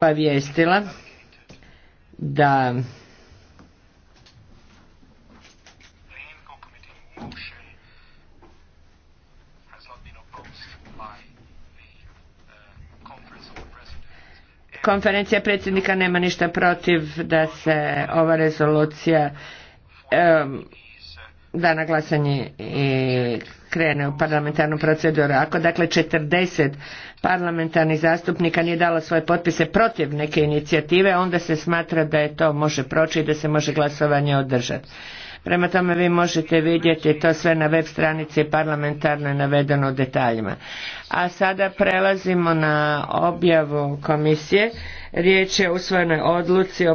obavijestila da konferencija predsjednika nema ništa protiv da se ova rezolucija da na glasanje i krene u parlamentarnu proceduru. Ako dakle 40 parlamentarnih zastupnika nije dalo svoje potpise protiv neke inicijative, onda se smatra da je to može proći i da se može glasovanje održati. Prema tome vi možete vidjeti to sve na web stranici je navedeno u detaljima. A sada prelazimo na objavu komisije. Riječ je o usvojenoj odluci o